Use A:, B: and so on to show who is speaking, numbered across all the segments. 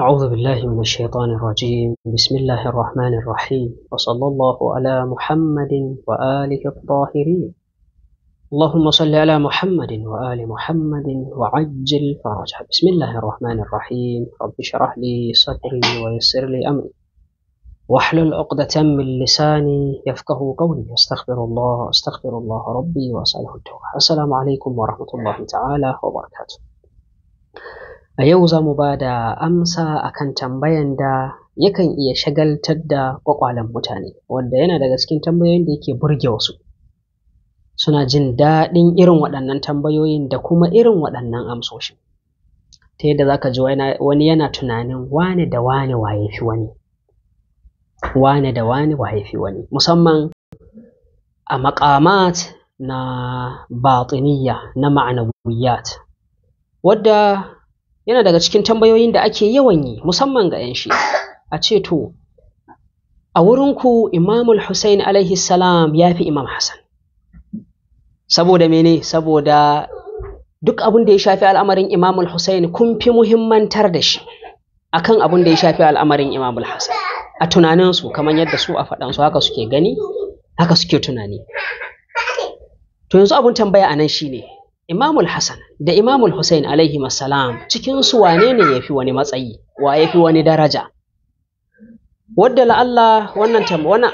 A: أعوذ بالله من الشيطان الرجيم بسم الله الرحمن الرحيم وصلى الله على محمد وآله الطاهرين اللهم صل على محمد وآل محمد وعجل فرجه بسم الله الرحمن الرحيم رب اشرح لي صدري ويسر لي أمري واحلل عقدة من لساني يفقه قولي استغفر الله استغفر الله ربي وأسأله التوبة السلام عليكم ورحمة الله تعالى وبركاته A yau za mu ba da amsa akan tambayan da yakan iya shagaltar da ƙwaƙwalen mutane, wanda yana daga cikin tambayoyin da yake burge wasu. Suna jin daɗin irin waɗannan tambayoyin da kuma irin waɗannan amsoshi. Ta yadda za ka ji wani yana tunanin wane da wane waye fi wani. Wane da wane waye fi wani. Musamman a maƙamat na batiniya na ma'anawiyat. Wadda yana daga cikin tambayoyin da ake yawan yi musamman ga 'yan shi a ce to a wurinku imamul Hussein alaihi salam ya fi imam Hassan saboda mene saboda duk abin da ya shafi al'amarin imamul Hussein kun fi muhimmantar da shi akan abin da ya shafi al'amarin imamul Hassan a tunaninsu kamar yadda su a faɗansu haka suke gani haka suke tunani to yanzu abin tambaya a nan shine Imamul Hassan da Imamul Hussein alaihi salam cikin su wane ne yafi wani matsayi wa yafi wani daraja wadda la'alla wannan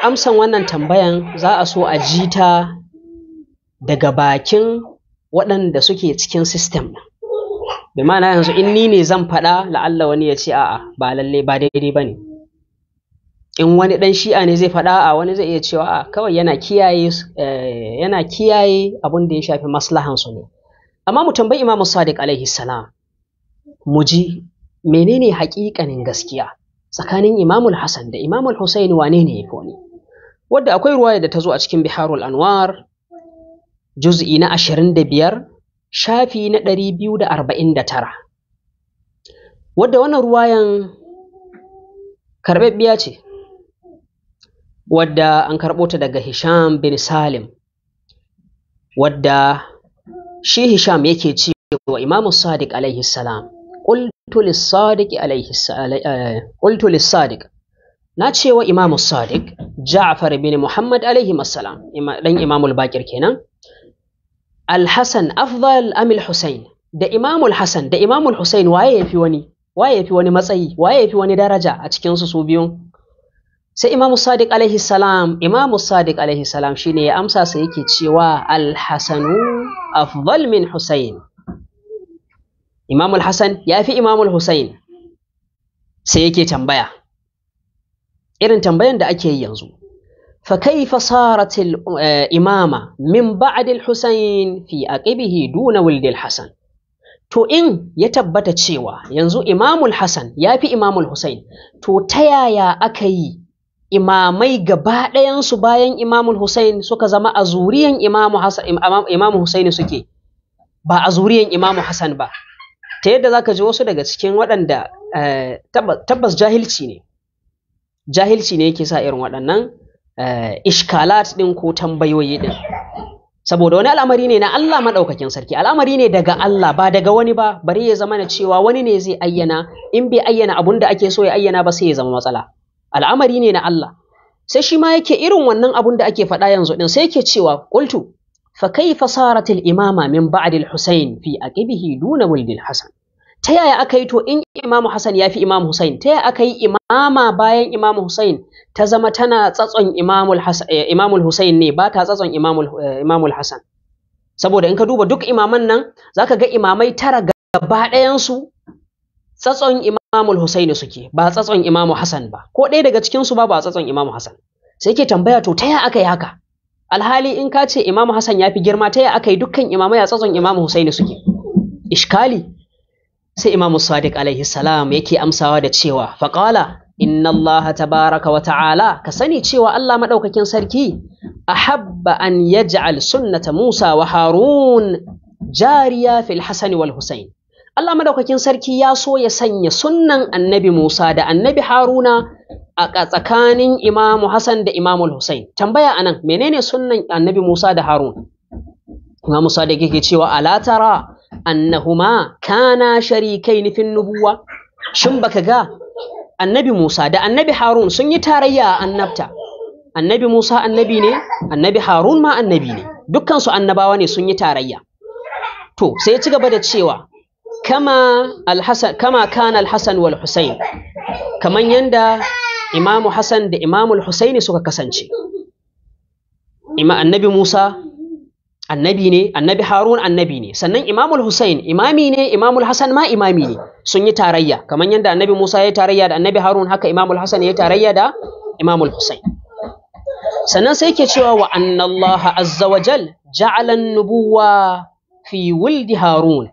A: amsan wannan tambayan za a so a ji ta daga bakin waɗanda suke cikin sistem ɗin bi yanzu in ni ne zan faɗa la'alla wani ya ce a'a ba lalle ba daidai ba ne in wani ɗan shi'a ne zai faɗa a wani zai iya cewa a kawai yana kiyaye eh, yana abin da ya shafi maslahansu ne amma mu tambayi Imam Sadiq alaihi salam mu ji menene haƙiƙanin gaskiya tsakanin Imam Hassan da Imam Hussein wane ne yafi wani wadda akwai ruwaya da ta zo a cikin Biharul Anwar juz'i na 25 shafi na 249 wadda wannan ruwayan karɓaɓɓiya ce wadda an karɓo ta daga Hisham bin Salim wadda shi Hisham yake wa Imam Sadiq alaihi salam qultu lis-Sadiq alaihi eh, qultu lis-Sadiq na cewa Imam Sadiq Ja'far bin Muhammad alaihi salam dan Imam al-Baqir kenan Al-Hasan afdal am al-Husayn da Imam al-Hasan da Imam al-Husayn waye yafi wani waye yafi wani matsayi waye yafi wani daraja a cikin su su biyun sai Imam sadiq alaihi salam Imam sadiq alaihi salam shine ya amsa sa yake cewa al-Hasanu afdal min Husayn Imamul Hassan ya fi Imamul Husayn sai yake tambaya irin tambayan da ake yi yanzu fa fasaratil imama min ba'd al-Husayn fi aqibihi duna wuldi al to in ya tabbata cewa yanzu Imamul Hassan ya fi Imamul Husayn to ta yaya aka yi imamai gaba ɗayansu bayan imamul Hussein suka zama a zuriyan imamu, imamu Hussein suke ba a zuriyan imamu Hassan ba ta yadda zaka ka ji wasu daga cikin waɗanda eh, tabbas jahilci ne jahilci ne yake sa irin waɗannan eh, ishkalat din ko tambayoyi din. saboda wani al'amari ne na Allah maɗaukakin sarki al'amari ne daga Allah ba daga wani ba bari ya zama na cewa wani ne zai ayyana in bai ayyana abun da ake so ya ayyana ba sai ya zama matsala al'amari ne na Allah sai shi ma yake irin wannan abun da ake faɗa yanzu ɗin, sai yake cewa qultu fa kai sarat al imama min ba'd al husayn fi aqibihi duna wuld al hasan ta yaya aka yi to in imamu hasan ya fi imamu husayn ta yaya aka yi imama bayan imamu husayn ta zama tana tsatson imamul hasan eh, husayn ne ba ta tsatson imamu eh, hasan saboda in ka duba duk imaman nan zaka ga imamai tara gaba ɗayan su tsatson imamul husaini suke ba tsatson imamu hasan ba ko ɗaya daga cikin su ba ba tsatson imam hasan sai ke tambaya to ta aka yi haka alhali in ka ce imamu hassan ya fi girma ta ya aka yi dukkan imamai a tsatson imam husaini suke ishkali sai imamu sadiq alaihi salam yake amsawa da cewa Faqala, inna Allah tabaraka wa ta'ala ka sani cewa allah maɗaukakin sarki ahabba an yaj'al sunnata musa wa harun jariya fil Hasan wal husain Allah madaukakin sarki ya so ya sanya sunnan annabi Musa da annabi Haruna a tsakanin Imamu Hassan da Imam Hussein. Tambaya anan menene sunnan annabi Musa da Harun? Imamu Musa da yake cewa ala tara annahuma kana sharikaini fin nubuwa shin baka ga annabi Musa da annabi Harun sun yi tarayya a annabta annabi Musa annabi ne annabi Harun ma annabi ne dukkan su annabawa ne sun yi tarayya to sai ya ci gaba da cewa kama alhasan kama kana alhasan wal husain kaman yanda imamu hasan da imamu husaini suka kasance annabi musa annabi ne annabi harun annabi ne sannan imamul husain imami ne imamul hassan ma imami ne sun yi tarayya kaman yanda annabi musa ya tarayya da annabi harun haka imamul hassan ya tarayya da imamul husain sannan sai ke cewa wa annallaha azza wa jal ja'ala nubuwa fi wuldi harun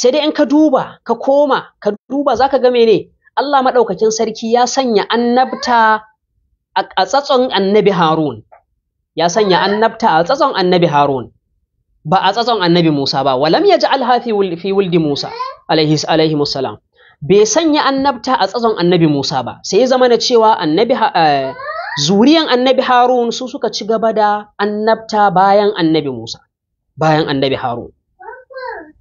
A: sai dai in ka duba ka koma ka duba zaka ga mene Allah maɗaukakin sarki ya sanya annabta a tsatson annabi Harun ya sanya annabta a tsatson annabi Harun ba a tsatson annabi Musa ba walam yaj'al hafi fi wuldi Musa alaihi alaihi musallam bai sanya annabta a tsatson annabi Musa ba sai ya zama na cewa annabi eh, zuriyan annabi Harun su suka ci gaba da annabta bayan annabi Musa bayan annabi Harun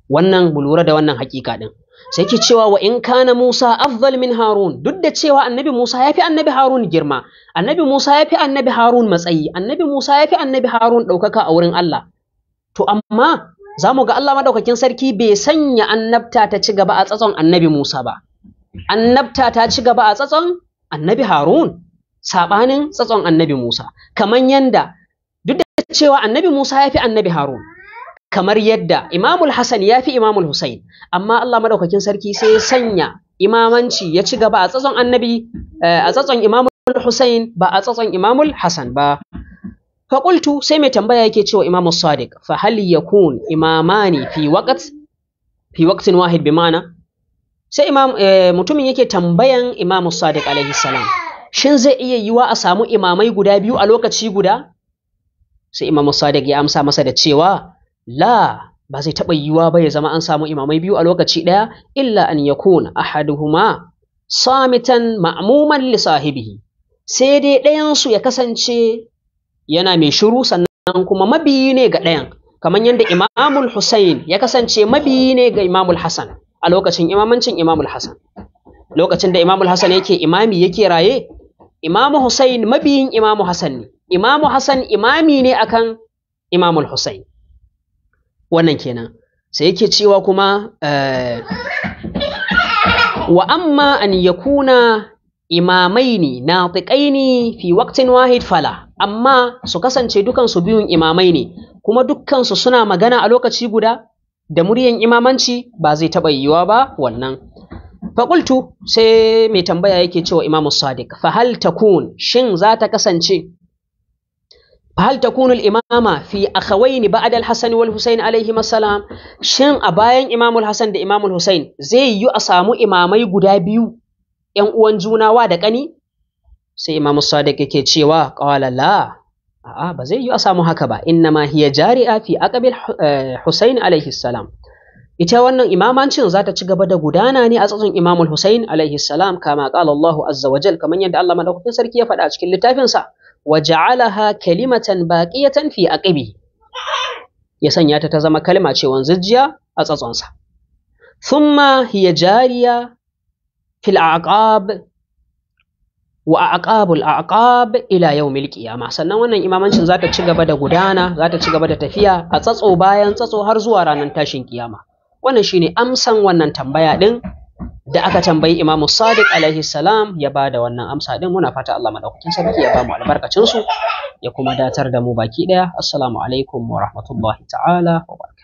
A: wannan mu lura da wannan hakika din sai ke cewa wa in kana Musa afdal min Harun duk da cewa annabi Musa yafi fi annabi Harun girma annabi Musa yafi annabi Harun matsayi annabi Musa yafi annabi Harun ɗaukaka a wurin Allah to amma zamu ga Allah madaukakin sarki bai sanya annabta ta ci gaba a tsatson annabi Musa ba annabta ta ci gaba a tsatson annabi Harun saɓanin tsatson annabi Musa kamar yanda duk da cewa annabi Musa yafi annabi Harun kamar yadda imamul hasan ya fi imamul husain amma Allah madaukakin sarki sai ya sanya imamanci ya ci gaba a tsatson annabi eh, a tsatson imamul husain ba a tsatson imamul hasan ba faƙultu sai mai tambaya yake cewa Imamul sadiq fa hal yakun imamani fi waqt fi waqtin wahid bi ma'ana sai imam eh, mutumin yake tambayan imamul sadiq alaihi salam shin zai iya yiwa a samu imamai guda biyu a lokaci guda sai imamul sadiq ya amsa masa da cewa la ba zai taɓa yiwuwa ba ya zama an samu imamai biyu a lokaci ɗaya illa an yakun ahaduhuma samitan ma'muman li sahibihi sai dai ɗayansu ya kasance yana mai shiru sannan kuma mabiyi ne ga ɗayan kamar yadda imamul Hussein ya kasance mabiyi ne ga imamul Hassan a lokacin imamancin imamul Hassan lokacin da imamul Hassan yake imami yake raye imamu Hussein mabiyin imamu hasan ne imamu Hassan imami ne akan imamul Hussein wannan kenan sai yake cewa kuma eh, wa amma an yakuna imamaini na ne fi waktin wahid fala amma su kasance dukansu biyun imamai ne kuma dukansu suna magana a lokaci guda da muryan imamanci ba zai taɓa yiwuwa ba wannan faƙultu sai mai tambaya yake cewa imamu sadiq fa fahal takun shin za ta kasance hal takunu imama fi akhawaini ba'da al-hasan wal husayn alayhi shin a bayan imamul hasan da imamul husayn zai yi a samu imamai guda biyu yan uwan juna wa da kani sai imamu sadiq yake cewa qala la a'a ba zai yi a samu haka ba inna ma hiya jari'a fi aqabil husayn alayhi salam ita wannan imamancin za ta ci gaba da gudana ne a tsatsun imamul husayn alayhi kama qala Allah azza wa jal kamar yadda Allah madaukakin sarki ya faɗa a cikin littafinsa wa ja'alaha kalimatan tanfi a aqibi ya sanya ta ta zama kalima ce jiya a tsatsonsa thumma hiya jariya fil aqab wa aqabul aqab ila yawmil qiyama sannan wannan imamancin zata ci gaba da gudana zata ci gaba da tafiya a tsatso bayan tsatso har zuwa ranar tashin kiyama wannan shine amsan wannan tambaya din da aka tambayi Imam Sadiq alaihi salam ya ba da wannan amsa din muna fata Allah madaukakin sarki ya ba mu albarkacin su ya kuma datar da mu baki ɗaya. assalamu alaikum wa rahmatullahi ta'ala wa